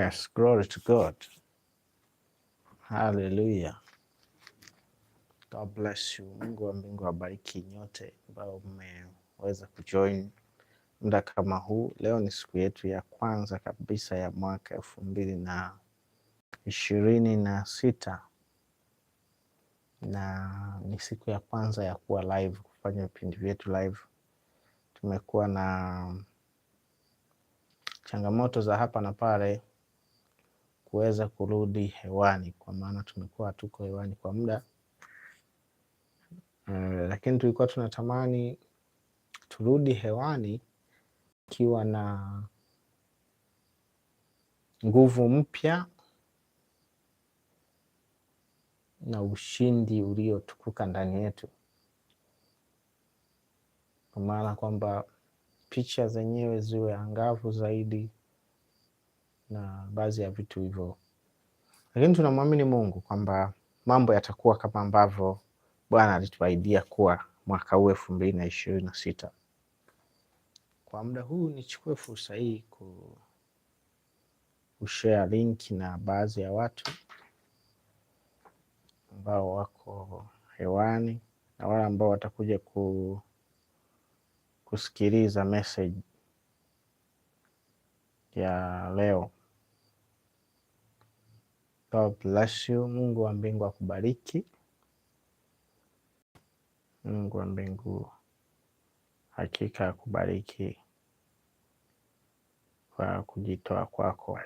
Yes, glory to God. Hallelujah. God bless you. Mungu wa mbingu awabariki nyote ambao mmeweza kujoin muda kama huu. Leo ni siku yetu ya kwanza kabisa ya mwaka elfu mbili na ishirini na sita na ni siku ya kwanza ya kuwa live, kufanya vipindi vyetu live. Tumekuwa na changamoto za hapa na pale kuweza kurudi hewani, kwa maana tumekuwa hatuko hewani kwa muda uh, lakini tulikuwa tunatamani turudi hewani ikiwa na nguvu mpya na ushindi uliotukuka ndani yetu, kwa maana kwamba picha zenyewe ziwe angavu zaidi na baadhi ya vitu hivyo, lakini tunamwamini Mungu kwamba mambo yatakuwa kama ambavyo Bwana alituahidia kuwa mwaka huu elfu mbili na ishirini na sita. Kwa muda huu nichukue fursa hii ku kushare linki na baadhi ya watu ambao wako hewani na wale ambao watakuja ku, kusikiliza message ya leo. God bless you. Mungu wa mbingu akubariki. Mungu wa mbingu hakika akubariki kwa kujitoa kwako kwa.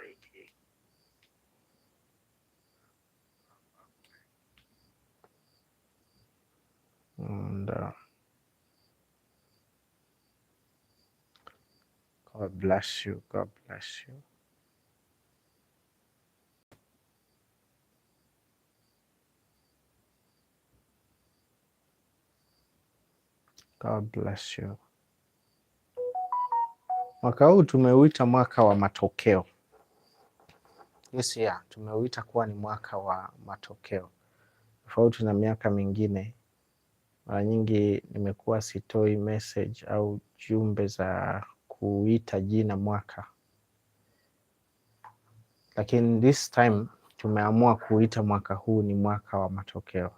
God bless you. God bless you. God bless you. Mwaka huu tumeuita mwaka wa matokeo. This year Tumeuita kuwa ni mwaka wa matokeo tofauti na miaka mingine. Mara nyingi nimekuwa sitoi message au jumbe za kuita jina mwaka, lakini this time tumeamua kuita mwaka huu ni mwaka wa matokeo.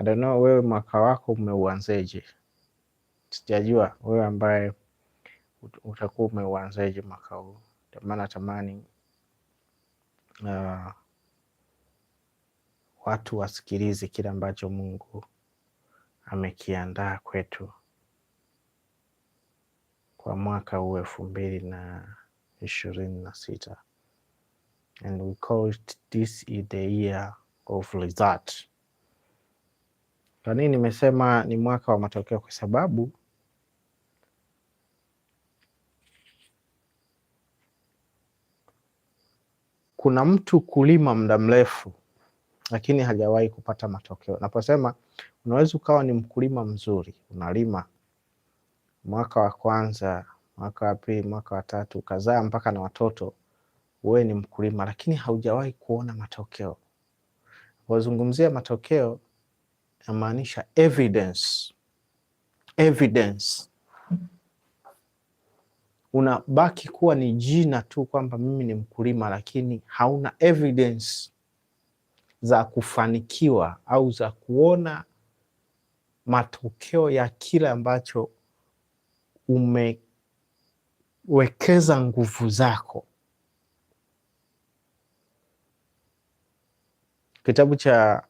I don't know wewe mwaka wako umeuanzeje? Sijajua wewe ambaye utakuwa umeuanzeje mwaka huu. maana tamani uh, watu wasikilize kile ambacho Mungu amekiandaa kwetu kwa mwaka huu elfu mbili na ishirini na sita and we call it this is the year of results. Kwa nini nimesema ni mwaka wa matokeo? Kwa sababu kuna mtu kulima muda mrefu lakini hajawahi kupata matokeo. Naposema unaweza ukawa ni mkulima mzuri, unalima mwaka wa kwanza, mwaka wa pili, mwaka wa tatu, ukazaa mpaka na watoto, wewe ni mkulima, lakini haujawahi kuona matokeo. Napozungumzia matokeo namaanisha evidence, evidence. Unabaki kuwa ni jina tu kwamba mimi ni mkulima, lakini hauna evidence za kufanikiwa au za kuona matokeo ya kile ambacho umewekeza nguvu zako. Kitabu cha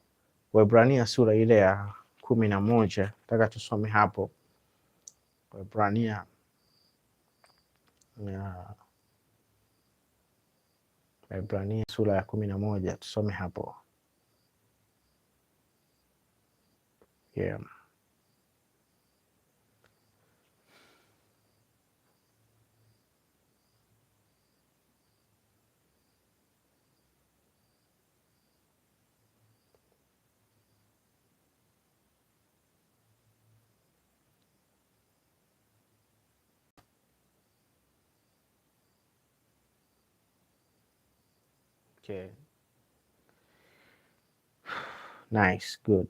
Waebrania sura ile ya kumi na moja nataka tusome hapo. Waebrania Waebrania sura ya kumi na moja tusome hapo yeah. Okay. Nice, good.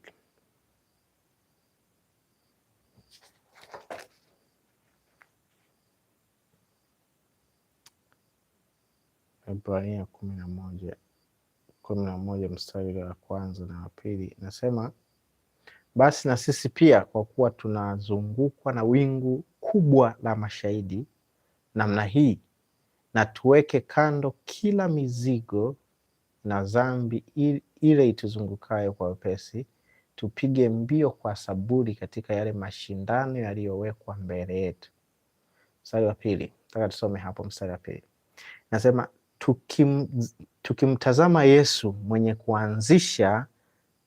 Ibrania kumi na moja kumi na moja mstari wa kwanza na wa pili nasema, basi na sisi pia kwa kuwa tunazungukwa na wingu kubwa la mashahidi namna hii, na tuweke kando kila mizigo na dhambi ile ituzungukayo kwa wepesi, tupige mbio kwa saburi katika yale mashindano yaliyowekwa mbele yetu. Mstari wa pili, nataka tusome hapo mstari wa pili, nasema tukim, tukimtazama Yesu mwenye kuanzisha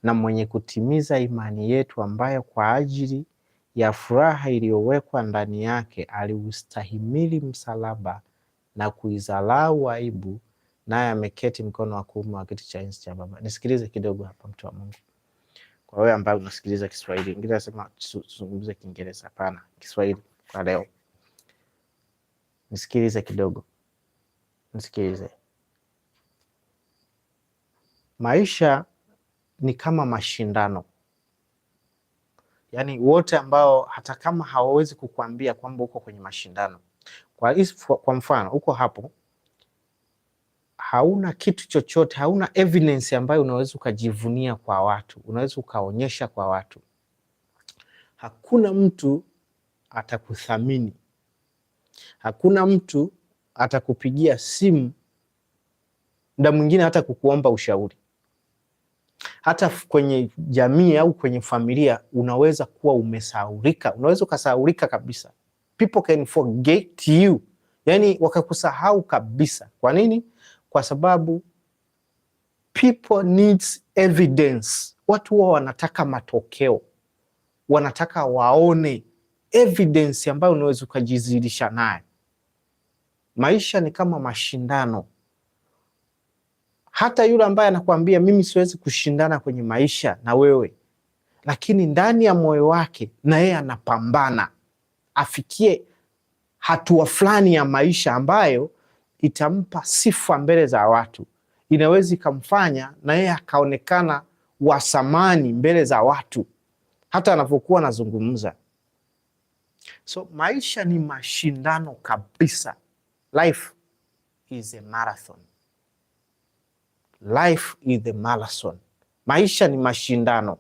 na mwenye kutimiza imani yetu, ambayo kwa ajili ya furaha iliyowekwa ndani yake aliustahimili msalaba na kuizalau aibu naye ameketi mkono wa kuume wa kiti cha enzi cha Baba. Nisikilize kidogo hapa, mtu wa Mungu, kwa wewe ambaye unasikiliza Kiswahili. Wengine nasema tuzungumze Kiingereza, hapana, Kiswahili kwa leo. Nisikilize kidogo, nisikilize. Maisha ni kama mashindano, yaani wote ambao hata kama hawawezi kukuambia kwamba uko kwenye mashindano kwa, kwa mfano uko hapo hauna kitu chochote, hauna evidence ambayo unaweza ukajivunia kwa watu, unaweza ukaonyesha kwa watu, hakuna mtu atakuthamini, hakuna mtu atakupigia simu, mda mwingine hata kukuomba ushauri. Hata kwenye jamii au kwenye familia unaweza kuwa umesahaulika, unaweza ukasahaulika kabisa, people can forget you, yani wakakusahau kabisa. Kwa nini? kwa sababu people needs evidence. Watu wao wanataka matokeo, wanataka waone evidence ambayo unaweza ukajizidisha naye. Maisha ni kama mashindano. Hata yule ambaye anakuambia mimi siwezi kushindana kwenye maisha na wewe, lakini ndani ya moyo wake na yeye anapambana afikie hatua fulani ya maisha ambayo itampa sifa mbele za watu, inaweza ikamfanya na yeye akaonekana wa thamani mbele za watu, hata anapokuwa anazungumza. So maisha ni mashindano kabisa. Life is a marathon. Life is a marathon. Maisha ni mashindano.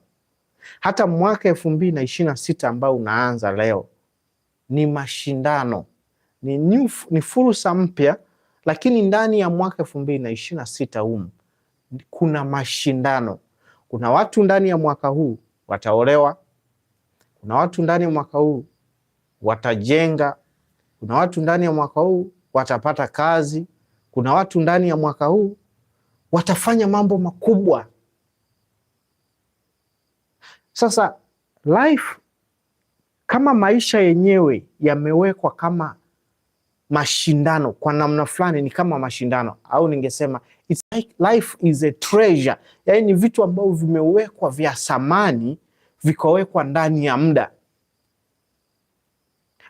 Hata mwaka elfu mbili na ishirini na sita ambao unaanza leo ni mashindano, ni, ni fursa mpya lakini ndani ya mwaka elfu mbili na ishirini na sita humu kuna mashindano. Kuna watu ndani ya mwaka huu wataolewa, kuna watu ndani ya mwaka huu watajenga, kuna watu ndani ya mwaka huu watapata kazi, kuna watu ndani ya mwaka huu watafanya mambo makubwa. Sasa life kama maisha yenyewe yamewekwa kama mashindano kwa namna fulani, ni kama mashindano au ningesema it's like life is a treasure, yaani ni vitu ambavyo vimewekwa vya samani vikawekwa ndani ya muda,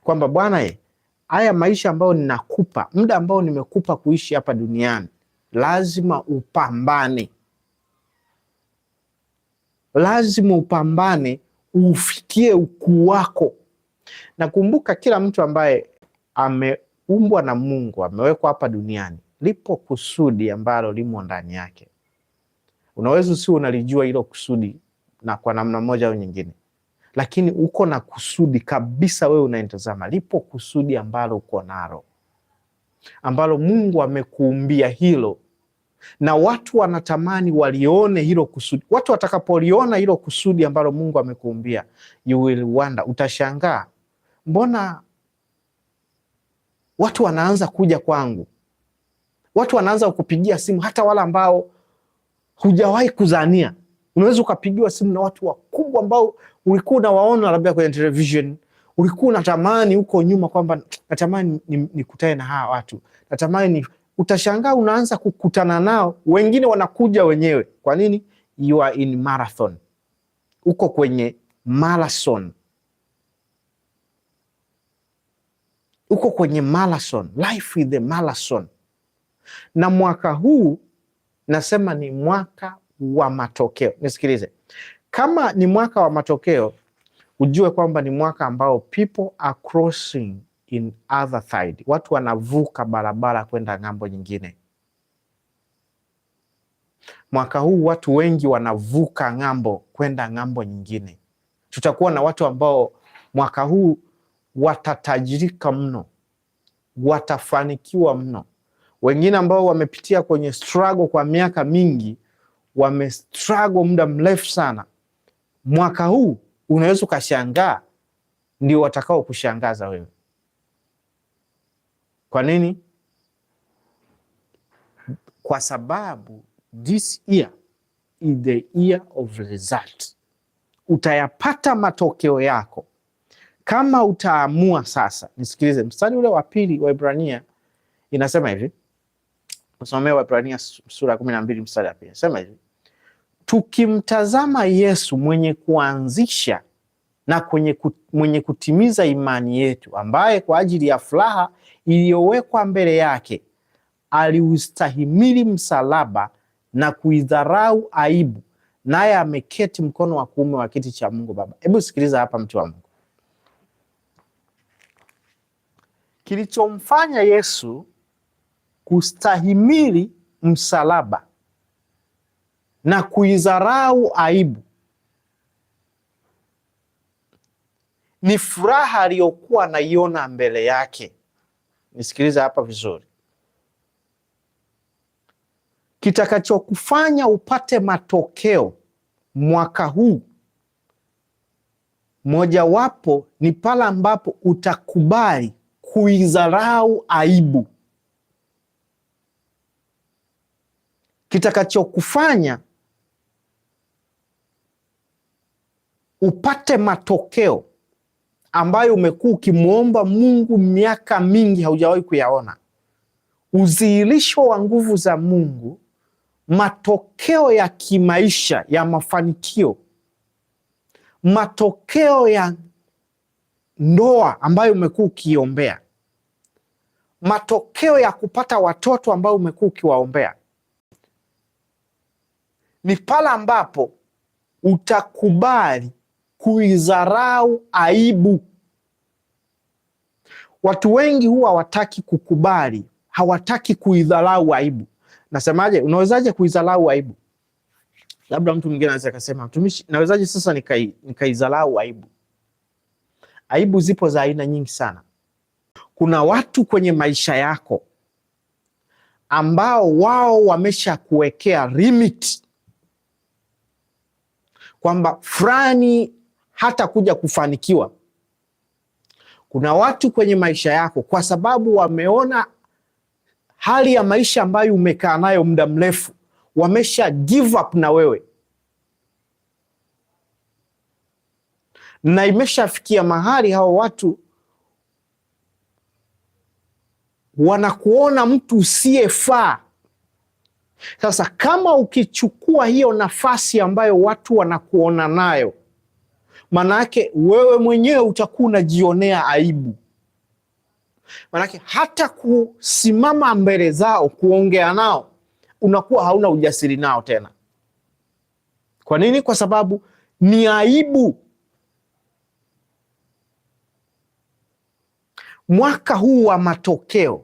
kwamba bwana ye, haya maisha ambayo ninakupa, muda ambao nimekupa kuishi hapa duniani, lazima upambane, lazima upambane ufikie ukuu wako. Nakumbuka kila mtu ambaye ame umbwa na Mungu, amewekwa hapa duniani, lipo kusudi ambalo limo ndani yake. Unaweza usio unalijua hilo kusudi na kwa namna moja au nyingine, lakini uko na kusudi kabisa. Wewe unaitazama, lipo kusudi ambalo uko nalo, ambalo Mungu amekuumbia hilo, na watu wanatamani walione hilo kusudi. Watu watakapoliona hilo kusudi ambalo Mungu amekuumbia, you will wonder, utashangaa mbona watu wanaanza kuja kwangu, watu wanaanza kukupigia simu, hata wale ambao hujawahi kuzania. Unaweza ukapigiwa simu na watu wakubwa ambao ulikuwa unawaona labda kwenye television, ulikuwa unatamani huko nyuma kwamba natamani nikutane na hawa watu, natamani. Utashangaa unaanza kukutana nao, wengine wanakuja wenyewe. Kwa nini? You are in marathon, uko kwenye marathon. uko kwenye marathon, life with the marathon. Na mwaka huu nasema ni mwaka wa matokeo. Nisikilize, kama ni mwaka wa matokeo, ujue kwamba ni mwaka ambao people are crossing in other side, watu wanavuka barabara kwenda ng'ambo nyingine. Mwaka huu watu wengi wanavuka ng'ambo kwenda ng'ambo nyingine. Tutakuwa na watu ambao mwaka huu watatajirika mno, watafanikiwa mno. Wengine ambao wamepitia kwenye struggle kwa miaka mingi, wamestruggle muda mrefu sana, mwaka huu unaweza ukashangaa ndio watakao kushangaza wewe. Kwa nini? Kwa sababu this year is the year of result. Utayapata matokeo yako kama utaamua sasa, nisikilize mstari ule wa pili wa Ibrania inasema hivi, usomee Waibrania sura kumi na mbili mstari wa pili inasema hivi, tukimtazama Yesu mwenye kuanzisha na kwenye kut, mwenye kutimiza imani yetu, ambaye kwa ajili ya furaha iliyowekwa mbele yake aliustahimili msalaba na kuidharau aibu, naye ameketi mkono wa kuume wa kiti cha Mungu Baba. Hebu sikiliza hapa, mtu wa Mungu. kilichomfanya Yesu kustahimili msalaba na kuidharau aibu ni furaha aliyokuwa anaiona mbele yake. Nisikilize hapa vizuri, kitakachokufanya upate matokeo mwaka huu, mojawapo ni pale ambapo utakubali kuidharau aibu. Kitakachokufanya upate matokeo ambayo umekuwa ukimwomba Mungu miaka mingi haujawahi kuyaona, udhihirisho wa nguvu za Mungu, matokeo ya kimaisha ya mafanikio, matokeo ya ndoa ambayo umekuwa ukiiombea, matokeo ya kupata watoto ambao umekuwa ukiwaombea ni pale ambapo utakubali kuidharau aibu. Watu wengi huwa hawataki kukubali, hawataki kuidharau aibu. Nasemaje? Unawezaje kuidharau aibu? Labda mtu mwingine anaweza akasema, mtumishi, nawezaje sasa nikaidharau aibu? Aibu zipo za aina nyingi sana kuna watu kwenye maisha yako ambao wao wameshakuwekea limit kwamba fulani hata kuja kufanikiwa. Kuna watu kwenye maisha yako, kwa sababu wameona hali ya maisha ambayo umekaa nayo muda mrefu, wamesha give up na wewe, na imeshafikia mahali hao watu wanakuona mtu usiyefaa. Sasa kama ukichukua hiyo nafasi ambayo watu wanakuona nayo, maanake wewe mwenyewe utakuwa unajionea aibu, maanake hata kusimama mbele zao kuongea nao unakuwa hauna ujasiri nao tena. Kwa nini? Kwa sababu ni aibu mwaka huu wa matokeo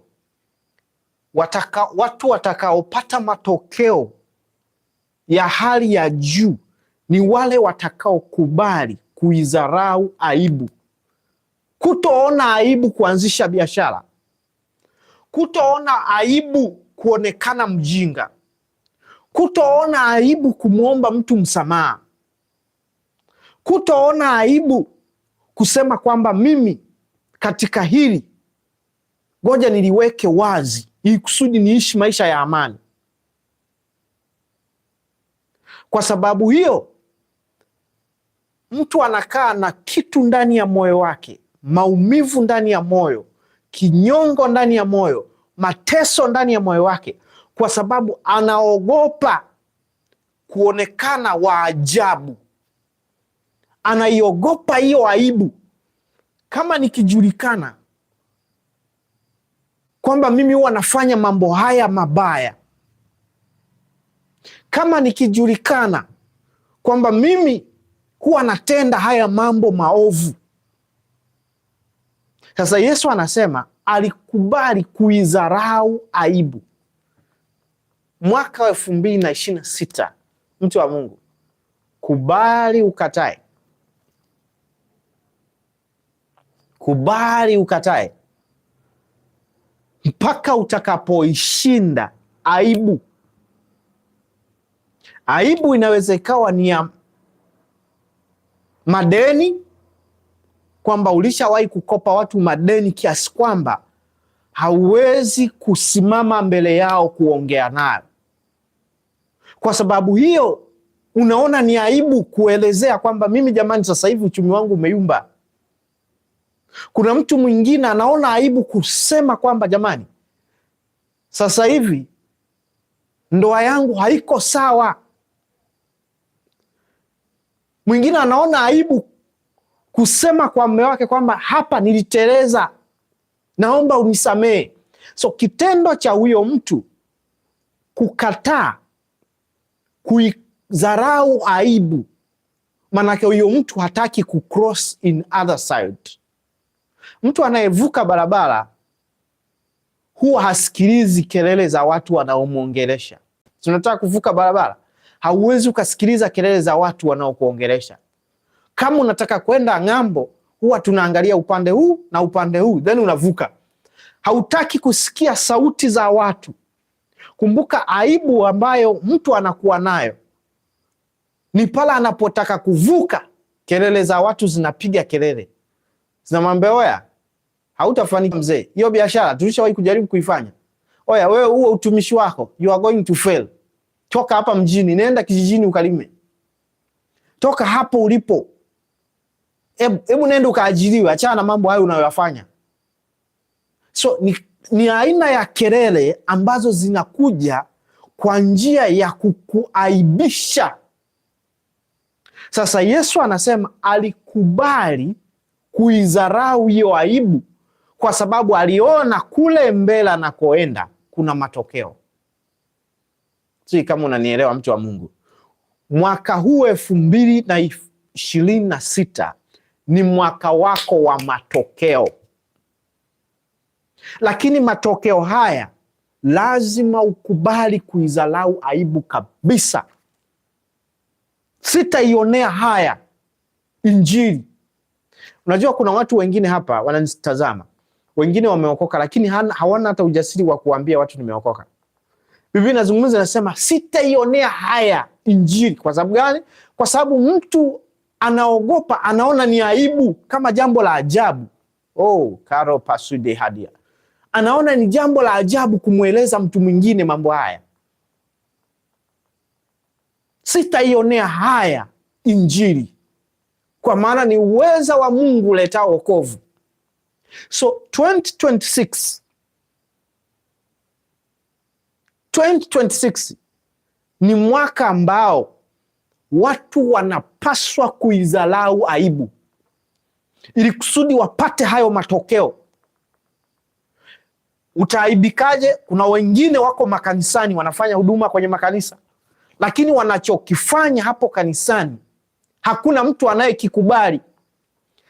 wataka, watu watakaopata matokeo ya hali ya juu ni wale watakaokubali kuidharau aibu, kutoona aibu kuanzisha biashara, kutoona aibu kuonekana mjinga, kutoona aibu kumwomba mtu msamaha, kutoona aibu kusema kwamba mimi katika hili ngoja niliweke wazi, ili kusudi niishi maisha ya amani. Kwa sababu hiyo, mtu anakaa na kitu ndani ya moyo wake, maumivu ndani ya moyo, kinyongo ndani ya moyo, mateso ndani ya moyo wake, kwa sababu anaogopa kuonekana wa ajabu, anaiogopa hiyo aibu kama nikijulikana kwamba mimi huwa nafanya mambo haya mabaya, kama nikijulikana kwamba mimi huwa natenda haya mambo maovu. Sasa Yesu anasema alikubali kuidharau aibu. Mwaka wa elfu mbili na ishirini na sita, mtu wa Mungu, kubali ukatae kubali ukatae mpaka utakapoishinda aibu. Aibu inaweza ikawa ni ya madeni, kwamba ulishawahi kukopa watu madeni kiasi kwamba hauwezi kusimama mbele yao kuongea nayo. Kwa sababu hiyo, unaona ni aibu kuelezea kwamba mimi, jamani, sasa hivi uchumi wangu umeyumba. Kuna mtu mwingine anaona aibu kusema kwamba jamani, sasa hivi ndoa yangu haiko sawa. Mwingine anaona aibu kusema kwa mme wake kwamba hapa niliteleza, naomba unisamehe. So kitendo cha huyo mtu kukataa kuidharau aibu, maanake huyo mtu hataki kucross in other side Mtu anayevuka barabara huwa hasikilizi kelele za watu wanaomwongelesha. Tunataka kuvuka barabara, hauwezi ukasikiliza kelele za watu wanaokuongelesha. Kama unataka kwenda ng'ambo, huwa tunaangalia upande huu na upande huu, then unavuka. Hautaki kusikia sauti za watu. Kumbuka aibu ambayo mtu anakuwa nayo ni pale anapotaka kuvuka, kelele za watu zinapiga kelele, zinamwambia oya, hautafanikiwa mzee. Hiyo biashara tulishawahi kujaribu kuifanya. Oya wewe, huo utumishi wako you are going to fail. Toka hapa mjini, nenda kijijini ukalime. Toka hapo ulipo, hebu nenda ukaajiriwe, achana na mambo hayo unayoyafanya. So ni, ni aina ya kelele ambazo zinakuja kwa njia ya kukuaibisha. Sasa Yesu anasema alikubali kuidharau hiyo aibu kwa sababu aliona kule mbele anakoenda kuna matokeo. Sijui kama unanielewa mtu wa Mungu. Mwaka huu elfu mbili na ishirini na sita ni mwaka wako wa matokeo, lakini matokeo haya lazima ukubali kuizalau aibu kabisa. Sitaionea haya Injili. Unajua, kuna watu wengine hapa wananitazama wengine wameokoka, lakini hawana hata ujasiri wa kuambia watu nimeokoka. Biblia inazungumza inasema, sitaionea haya Injili. Kwa sababu gani? Kwa sababu mtu anaogopa, anaona ni aibu, kama jambo la ajabu. Oh, karo pasude hadia, anaona ni jambo la ajabu kumweleza mtu mwingine mambo haya. Sitaionea haya Injili, kwa maana ni uweza wa Mungu uletao wokovu So 2026 2026 ni mwaka ambao watu wanapaswa kuidhalau aibu ili kusudi wapate hayo matokeo. Utaaibikaje? Kuna wengine wako makanisani wanafanya huduma kwenye makanisa, lakini wanachokifanya hapo kanisani hakuna mtu anayekikubali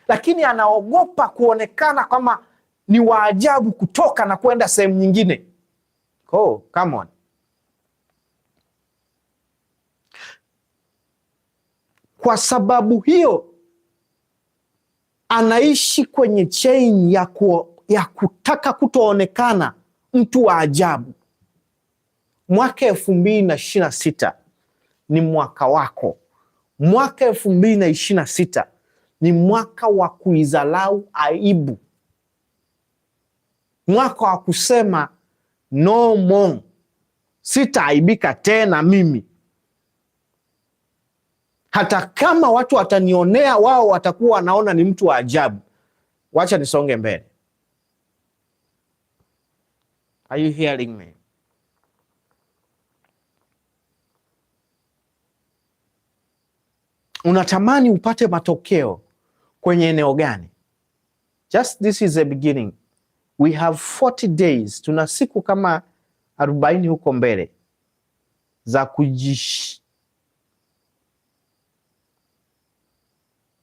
lakini anaogopa kuonekana kama ni waajabu kutoka na kwenda sehemu nyingine. Oh, come on. Kwa sababu hiyo anaishi kwenye chain ya, ku, ya kutaka kutoonekana mtu wa ajabu. Mwaka elfu mbili na ishirini na sita ni mwaka wako. Mwaka elfu mbili na ishirini na sita ni mwaka wa kuidharau aibu, mwaka wa kusema no more, sitaaibika tena mimi. Hata kama watu watanionea, wao watakuwa wanaona ni mtu wa ajabu. Wacha nisonge mbele. Are you hearing me? Unatamani upate matokeo kwenye eneo gani? Just this is a beginning. We have 40 days, tuna siku kama 40 huko mbele za kujish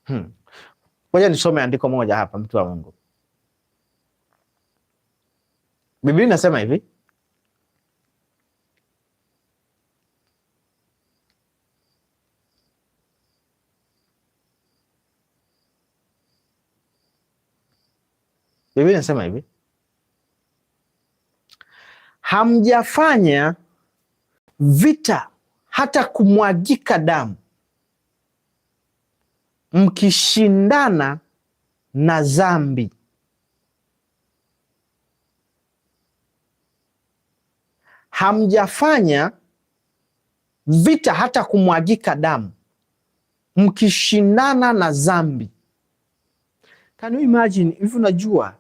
hmm. Moja, nisome andiko moja hapa, mtu wa Mungu. Biblia inasema hivi Biblia inasema hivi, hamjafanya vita hata kumwagika damu mkishindana na dhambi. Hamjafanya vita hata kumwagika damu mkishindana na dhambi. Can you imagine? Hivi unajua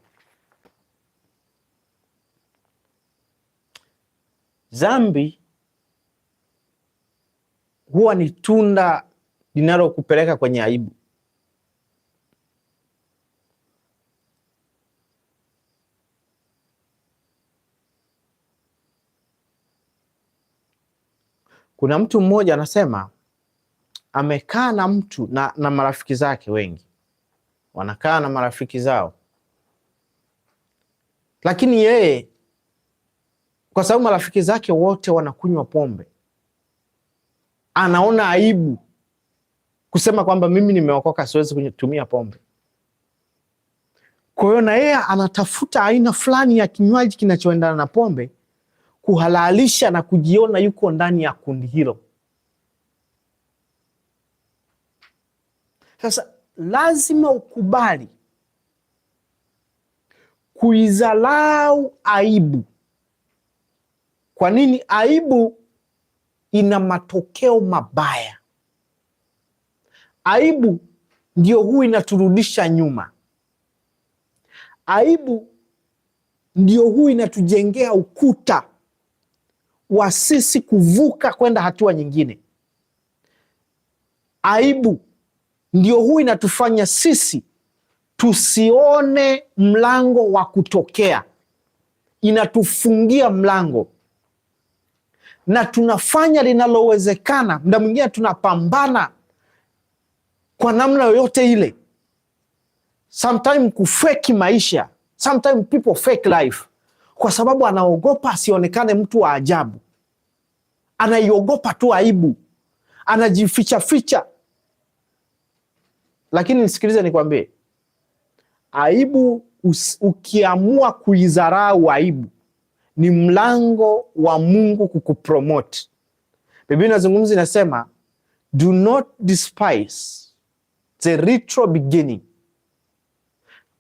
Dhambi huwa ni tunda linalokupeleka kwenye aibu. Kuna mtu mmoja anasema amekaa na mtu na, na marafiki zake wengi wanakaa na marafiki zao, lakini yeye kwa sababu marafiki zake wote wanakunywa pombe. Anaona aibu kusema kwamba mimi nimeokoka, siwezi kutumia pombe. Kwa hiyo na yeye anatafuta aina fulani ya kinywaji kinachoendana na pombe kuhalalisha na kujiona yuko ndani ya kundi hilo. Sasa lazima ukubali kuizalau aibu kwa nini aibu ina matokeo mabaya? Aibu ndio huu inaturudisha nyuma. Aibu ndio huu inatujengea ukuta wa sisi kuvuka kwenda hatua nyingine. Aibu ndio huu inatufanya sisi tusione mlango wa kutokea, inatufungia mlango na tunafanya linalowezekana, mda mwingine tunapambana kwa namna yoyote ile, sometime kufeki maisha, sometime people fake life, kwa sababu anaogopa asionekane mtu wa ajabu, anaiogopa tu aibu, anajificha ficha. Lakini nisikilize, nikwambie, aibu ukiamua kuidharau aibu ni mlango wa Mungu kukupromote. Biblia inazungumza inasema, do not despise the retro beginning,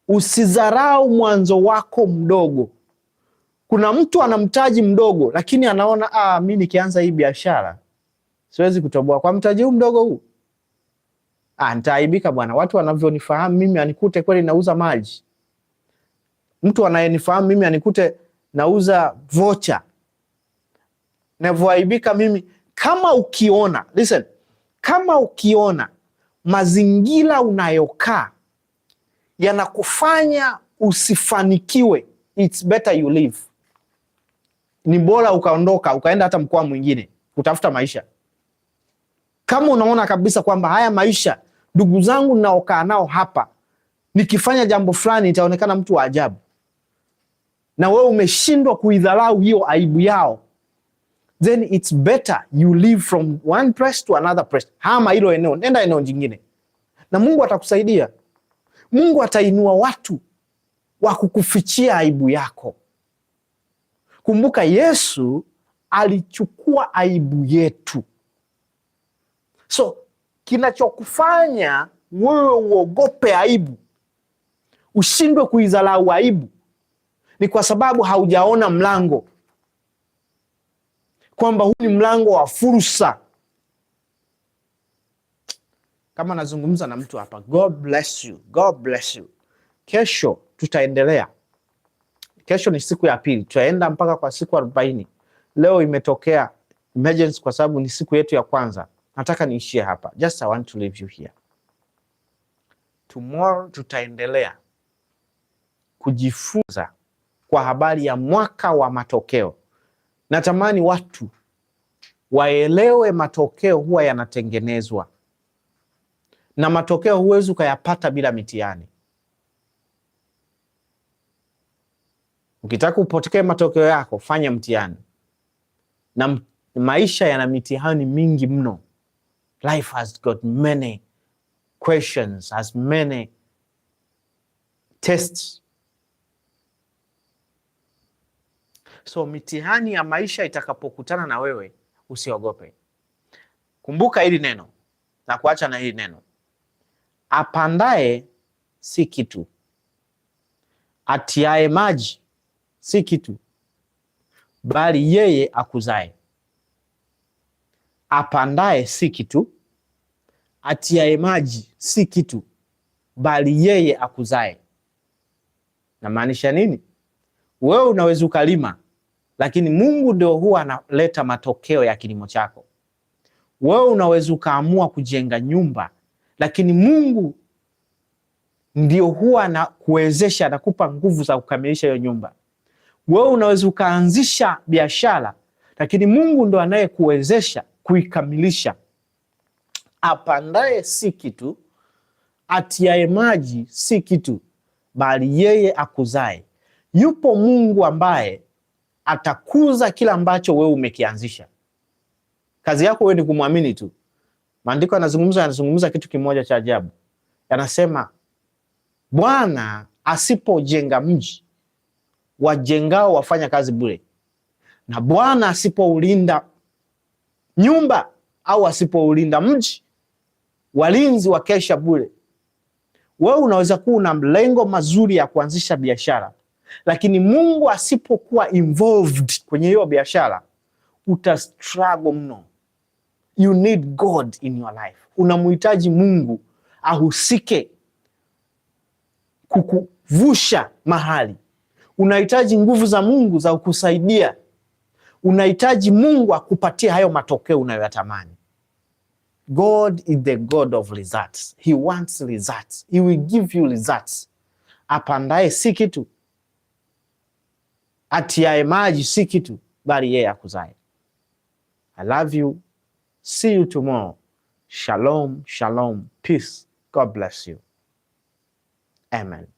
usidharau mwanzo wako mdogo. Kuna mtu ana mtaji mdogo, lakini anaona ah, mi nikianza hii biashara siwezi kutoboa kwa mtaji huu mdogo huu, ah, ntaaibika bwana, watu wanavyonifahamu mimi, anikute kweli nauza maji, mtu anayenifahamu mimi anikute nauza vocha navyoaibika mimi. Kama ukiona listen, kama ukiona mazingira unayokaa yanakufanya usifanikiwe, it's better you leave. Ni bora ukaondoka ukaenda hata mkoa mwingine kutafuta maisha, kama unaona kabisa kwamba haya maisha, ndugu zangu naokaa nao hapa, nikifanya jambo fulani itaonekana mtu wa ajabu na wewe umeshindwa kuidharau hiyo aibu yao, then it's better you live from one press to another press. Hama hilo eneo, nenda eneo jingine, na Mungu atakusaidia. Mungu atainua watu wa kukufichia aibu yako. Kumbuka Yesu alichukua aibu yetu, so kinachokufanya wewe uogope aibu, ushindwe kuidharau aibu ni kwa sababu haujaona mlango, kwamba huu ni mlango wa fursa. Kama nazungumza na mtu hapa, God bless you, God bless you. Kesho tutaendelea. Kesho ni siku ya pili, tutaenda mpaka kwa siku arobaini. Leo imetokea emergency kwa sababu ni siku yetu ya kwanza. Nataka niishie hapa, just I want to leave you here. Tomorrow tutaendelea kujifunza kwa habari ya mwaka wa matokeo. Natamani watu waelewe, matokeo huwa yanatengenezwa, na matokeo huwezi ukayapata bila mitihani. Ukitaka upotekee matokeo yako, fanya mtihani, na maisha yana mitihani mingi mno. Life has got many questions, has many tests So mitihani ya maisha itakapokutana na wewe usiogope. Kumbuka hili neno na kuacha na hili neno, apandaye si kitu, atiaye maji si kitu, bali yeye akuzae Apandaye si kitu, atiaye maji si kitu, bali yeye akuzae. Namaanisha nini? Wewe unaweza ukalima lakini Mungu ndio huwa analeta matokeo ya kilimo chako. Wewe unaweza ukaamua kujenga nyumba, lakini Mungu ndio huwa anakuwezesha, anakupa nguvu za kukamilisha hiyo nyumba. Wewe unaweza ukaanzisha biashara, lakini Mungu ndo anayekuwezesha kuikamilisha. Apandaye si kitu, atiaye maji si kitu, bali yeye akuzae. Yupo Mungu ambaye atakuza kila ambacho wewe umekianzisha. Kazi yako wewe ni kumwamini tu. Maandiko yanazungumza yanazungumza kitu kimoja cha ajabu, yanasema Bwana asipojenga mji, wajengao wafanya kazi bure, na Bwana asipoulinda nyumba au asipoulinda mji, walinzi wakesha bure. Wewe unaweza kuwa una mlengo mazuri ya kuanzisha biashara lakini Mungu asipokuwa involved kwenye hiyo biashara uta struggle mno. You need God in your life. Unamhitaji Mungu ahusike kukuvusha mahali. Unahitaji nguvu za Mungu za kukusaidia. Unahitaji Mungu akupatie hayo matokeo unayoyatamani. God is the God of results. He wants results. He will give you results. Apandaye si kitu atiaye maji si kitu, bali yeye akuzaye. I love you, see you tomorrow. Shalom, shalom, peace. God bless you. Amen.